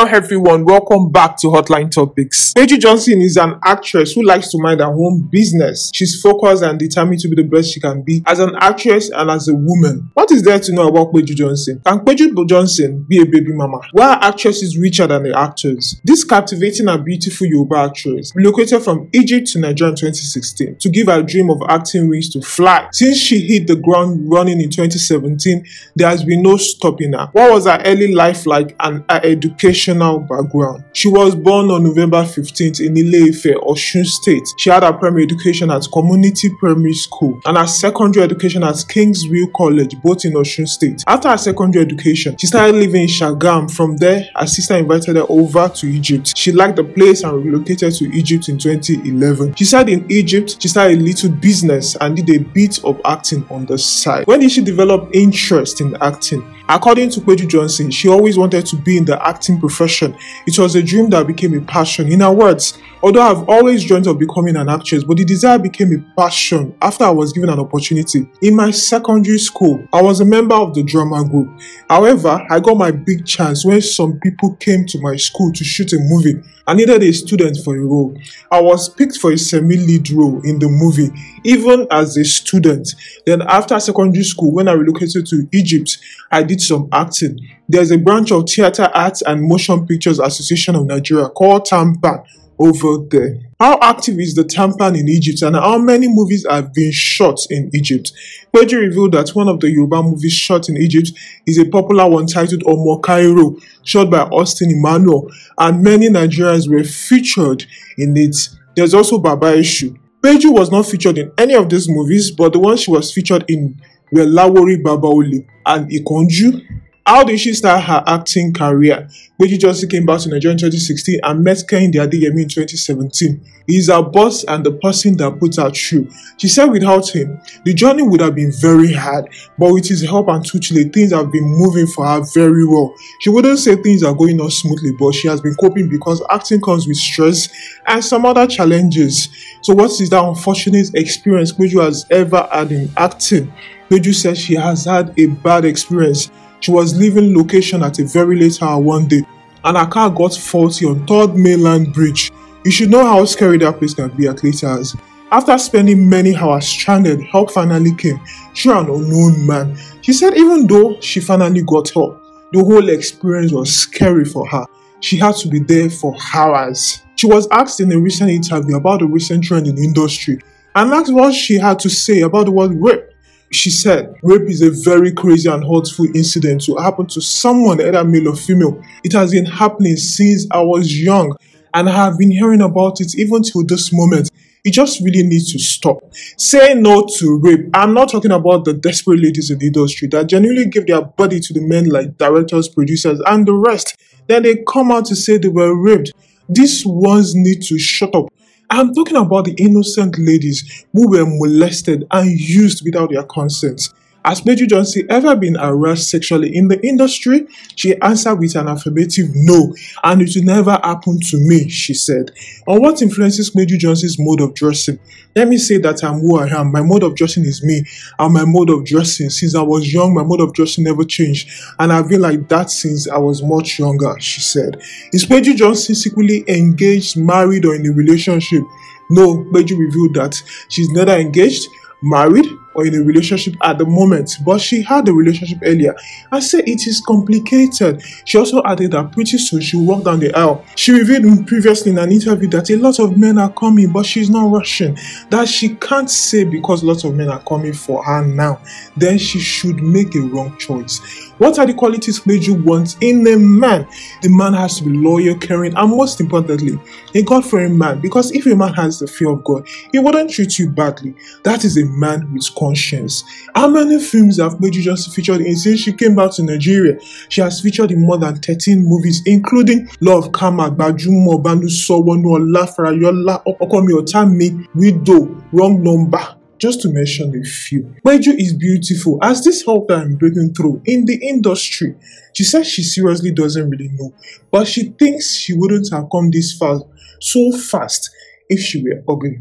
Hello everyone, welcome back to Hotline Topics. Paige Johnson is an actress who likes to mind her own business. She's focused and determined to be the best she can be as an actress and as a woman. What is there to know about Paige Johnson? Can Paige Johnson be a baby mama? Why are actresses richer than the actors? This captivating and beautiful Yoruba actress relocated from Egypt to Nigeria in 2016 to give her dream of acting wings to fly. Since she hit the ground running in 2017, there has been no stopping her. What was her early life like and her education? educational background. She was born on November 15th in ile Oshun State. She had her primary education at Community Primary School and her secondary education at Kingsville College, both in Oshun State. After her secondary education, she started living in Shagam. From there, her sister invited her over to Egypt. She liked the place and relocated to Egypt in 2011. She said in Egypt, she started a little business and did a bit of acting on the side. When did she develop interest in acting? According to Peju Johnson, she always wanted to be in the acting profession. It was a dream that became a passion. In her words, although I've always dreamt of becoming an actress, but the desire became a passion after I was given an opportunity. In my secondary school, I was a member of the drama group. However, I got my big chance when some people came to my school to shoot a movie. I needed a student for a role. I was picked for a semi lead role in the movie, even as a student. Then, after secondary school, when I relocated to Egypt, I did some acting. There's a branch of Theatre Arts and Motion Pictures Association of Nigeria called TAMPA, over there. How active is the Tampan in Egypt and how many movies have been shot in Egypt? Peji revealed that one of the Yoruba movies shot in Egypt is a popular one titled Omo Cairo, shot by Austin Emmanuel, and many Nigerians were featured in it. There's also Baba Ishu. Peju was not featured in any of these movies, but the ones she was featured in were Lawori Babaoli and Ikonju, how did she start her acting career? Gbeji Johnson came back to Nigeria in 2016 and met Kehinde Adeyemi in 2017. He's her boss and the person that put her through. She said without him, the journey would have been very hard, but with his help and tutelage, things have been moving for her very well. She wouldn't say things are going on smoothly, but she has been coping because acting comes with stress and some other challenges. So what is that unfortunate experience Gbeju has ever had in acting? Gbeju says she has had a bad experience. She was leaving location at a very late hour one day and her car got faulty on 3rd Mainland Bridge. You should know how scary that place can be at late hours. After spending many hours stranded, help finally came She an unknown man. She said even though she finally got help, the whole experience was scary for her. She had to be there for hours. She was asked in a recent interview about the recent trend in the industry and asked what she had to say about the word rape. She said, Rape is a very crazy and hurtful incident to happen to someone, either male or female. It has been happening since I was young and I have been hearing about it even till this moment. It just really needs to stop. Say no to rape. I'm not talking about the desperate ladies in the industry that genuinely give their body to the men like directors, producers, and the rest. Then they come out to say they were raped. These ones need to shut up. I'm talking about the innocent ladies who were molested and used without their consent. Has Meju Johnson ever been harassed sexually in the industry? She answered with an affirmative no, and it will never happen to me, she said. On what influences Meju Johnson's mode of dressing? Let me say that I'm who I am. My mode of dressing is me, and my mode of dressing since I was young, my mode of dressing never changed, and I've been like that since I was much younger, she said. Is Meju Johnson secretly engaged, married, or in a relationship? No, Meju revealed that she's neither engaged, married, or in a relationship at the moment, but she had a relationship earlier. I say it is complicated. She also added that pretty soon she walked down the aisle. She revealed previously in an interview that a lot of men are coming, but she's not rushing. That she can't say because lots of men are coming for her now. Then she should make a wrong choice. What are the qualities major wants in a man? The man has to be loyal, caring, and most importantly, a God fearing man. Because if a man has the fear of God, he wouldn't treat you badly. That is a man with conscience. How many films have made you just featured in? Since she came back to Nigeria, she has featured in more than 13 movies, including Love, Karma, Gbajumo, Banu Sowonu, Ola, Farayola, Okomi Otami, Widow, Wrong Number, just to mention a few. Beju is beautiful as this whole time breaking through in the industry. She says she seriously doesn't really know, but she thinks she wouldn't have come this far so fast if she were ugly.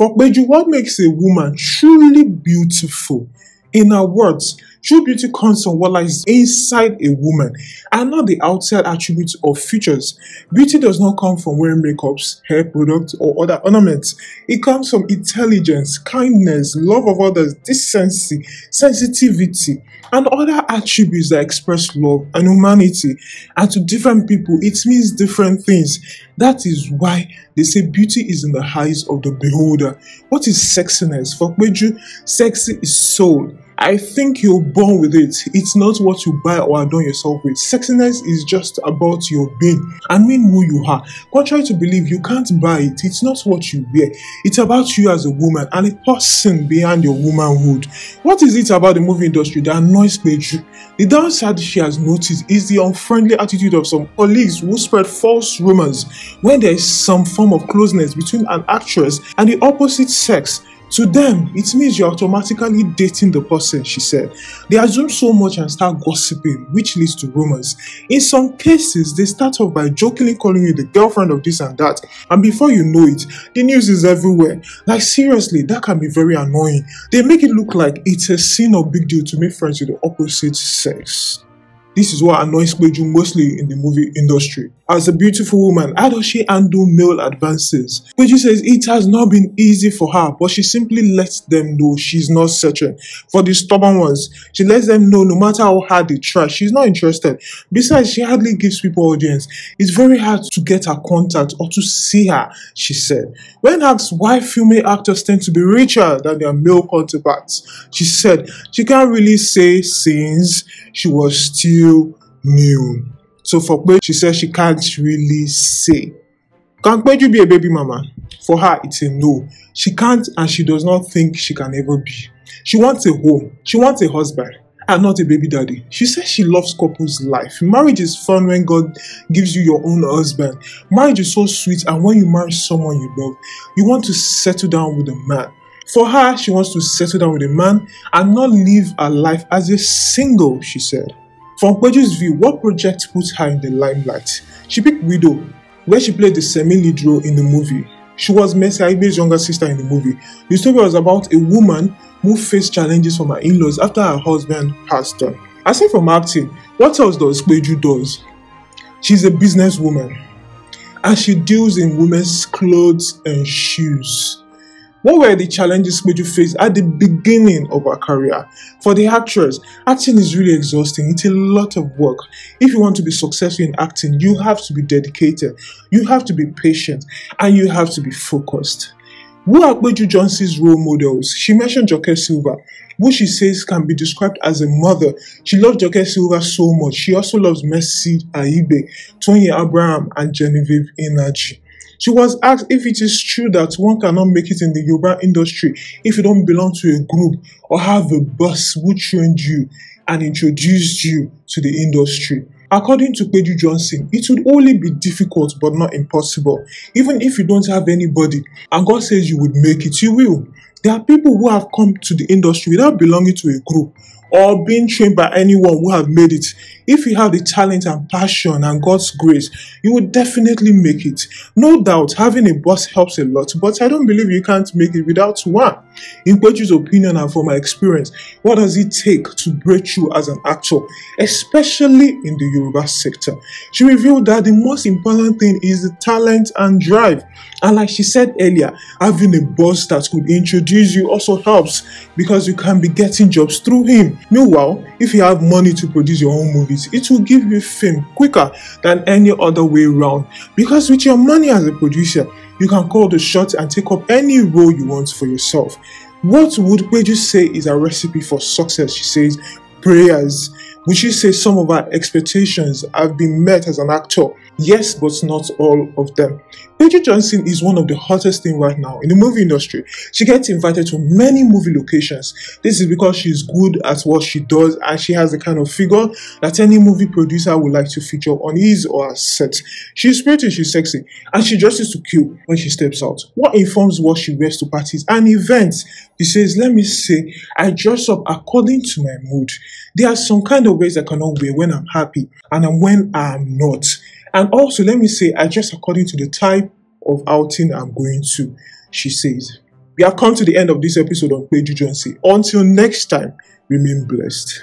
Okpeju, what makes a woman truly beautiful? In her words, True beauty comes from what lies inside a woman and not the outside attributes or features. Beauty does not come from wearing makeups, hair products, or other ornaments. It comes from intelligence, kindness, love of others, decency, sensitivity, and other attributes that express love and humanity. And to different people, it means different things. That is why they say beauty is in the eyes of the beholder. What is sexiness? For Kweju, sexy is soul. I think you're born with it. It's not what you buy or adorn yourself with. Sexiness is just about your being and mean who you are. Contrary to believe, you can't buy it. It's not what you wear. It's about you as a woman and a person behind your womanhood. What is it about the movie industry that annoys me? The downside she has noticed is the unfriendly attitude of some colleagues who spread false rumors when there is some form of closeness between an actress and the opposite sex. To them, it means you're automatically dating the person, she said. They assume so much and start gossiping, which leads to rumors. In some cases, they start off by jokingly calling you the girlfriend of this and that, and before you know it, the news is everywhere. Like, seriously, that can be very annoying. They make it look like it's a sin or big deal to make friends with the opposite sex. This is what annoys Kweju mostly in the movie industry as a beautiful woman, how does she handle male advances? she says it has not been easy for her, but she simply lets them know she's not searching. For the stubborn ones, she lets them know no matter how hard they try, she's not interested. Besides, she hardly gives people audience. It's very hard to get her contact or to see her, she said. When asked why female actors tend to be richer than their male counterparts, she said she can't really say since she was still new. So for Kwe, she says she can't really say. Can Kweju be a baby mama? For her, it's a no. She can't and she does not think she can ever be. She wants a home. She wants a husband and not a baby daddy. She says she loves couples life. Marriage is fun when God gives you your own husband. Marriage is so sweet and when you marry someone you love, you want to settle down with a man. For her, she wants to settle down with a man and not live her life as a single, she said. From Kweju's view, what project put her in the limelight? She picked Widow, where she played the semi-lead role in the movie. She was Mercy younger sister in the movie. The story was about a woman who faced challenges from her in-laws after her husband passed on. Aside from acting, what else does Kweju does? She's a businesswoman and she deals in women's clothes and shoes. What were the challenges you faced at the beginning of her career? For the actress, acting is really exhausting. It's a lot of work. If you want to be successful in acting, you have to be dedicated, you have to be patient, and you have to be focused. Who are Peju Johnson's role models? She mentioned Joker Silva, who she says can be described as a mother. She loves Joker Silva so much. She also loves Mercy Aibe, Tony Abraham, and Genevieve Energy. She was asked if it is true that one cannot make it in the Yoruba industry if you don't belong to a group or have a boss who trained you and introduced you to the industry. According to Pedro Johnson, it would only be difficult but not impossible. Even if you don't have anybody and God says you would make it, you will. There are people who have come to the industry without belonging to a group or being trained by anyone who have made it. If you have the talent and passion and God's grace, you will definitely make it. No doubt, having a boss helps a lot, but I don't believe you can't make it without one. In Koji's opinion and from my experience, what does it take to break through as an actor, especially in the Yoruba sector? She revealed that the most important thing is the talent and drive. And like she said earlier, having a boss that could introduce you also helps because you can be getting jobs through him. Meanwhile, if you have money to produce your own movies, it will give you fame quicker than any other way around. Because with your money as a producer, you can call the shots and take up any role you want for yourself. What would Peju say is a recipe for success? She says, prayers. Would you say some of our expectations have been met as an actor? Yes, but not all of them. Bridget Johnson is one of the hottest things right now in the movie industry. She gets invited to many movie locations. This is because she's good at what she does and she has the kind of figure that any movie producer would like to feature on his or her set. She's pretty, she's sexy, and she dresses to kill when she steps out. What informs what she wears to parties and events? He says, Let me say, I dress up according to my mood. There are some kind of ways I cannot wear when I'm happy and when I'm not. And also, let me say, I dress according to the type of outing I'm going to, she says. We have come to the end of this episode of Peju Johnson. Until next time, remain blessed.